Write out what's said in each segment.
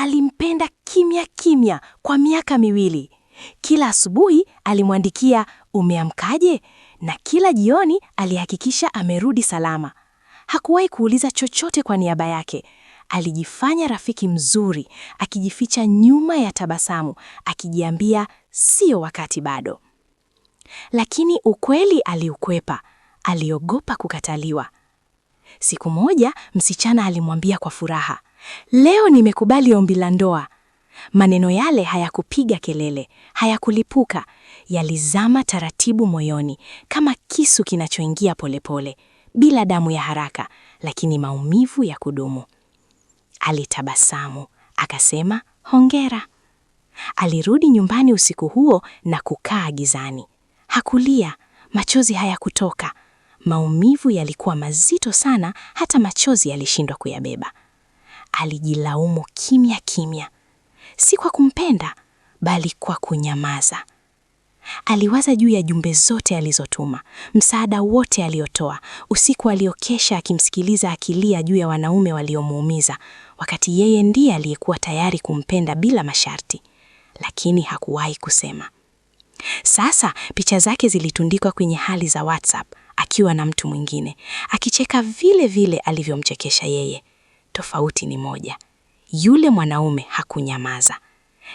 alimpenda kimya kimya kwa miaka miwili. Kila asubuhi alimwandikia umeamkaje, na kila jioni alihakikisha amerudi salama. Hakuwahi kuuliza chochote kwa niaba yake. Alijifanya rafiki mzuri, akijificha nyuma ya tabasamu, akijiambia sio wakati bado. Lakini ukweli aliukwepa, aliogopa kukataliwa. Siku moja msichana alimwambia kwa furaha, leo nimekubali ombi la ndoa. Maneno yale hayakupiga kelele, hayakulipuka, yalizama taratibu moyoni kama kisu kinachoingia polepole, bila damu ya haraka, lakini maumivu ya kudumu. Alitabasamu akasema hongera. Alirudi nyumbani usiku huo na kukaa gizani. Hakulia, machozi hayakutoka. Maumivu yalikuwa mazito sana, hata machozi yalishindwa kuyabeba alijilaumu kimya kimya, si kwa kumpenda, bali kwa kunyamaza. Aliwaza juu ya jumbe zote alizotuma, msaada wote aliotoa, usiku aliokesha akimsikiliza akilia juu ya wanaume waliomuumiza, wakati yeye ndiye aliyekuwa tayari kumpenda bila masharti, lakini hakuwahi kusema. Sasa picha zake zilitundikwa kwenye hali za WhatsApp akiwa na mtu mwingine, akicheka vile vile alivyomchekesha yeye tofauti ni moja: yule mwanaume hakunyamaza.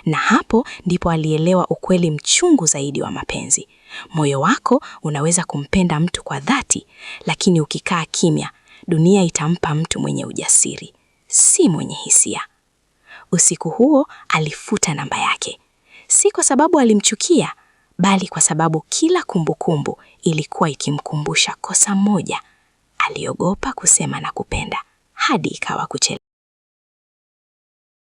Na hapo ndipo alielewa ukweli mchungu zaidi wa mapenzi. Moyo wako unaweza kumpenda mtu kwa dhati, lakini ukikaa kimya, dunia itampa mtu mwenye ujasiri, si mwenye hisia. Usiku huo alifuta namba yake, si kwa sababu alimchukia, bali kwa sababu kila kumbukumbu ilikuwa ikimkumbusha kosa moja: aliogopa kusema na kupenda hadi ikawa kuchelewa.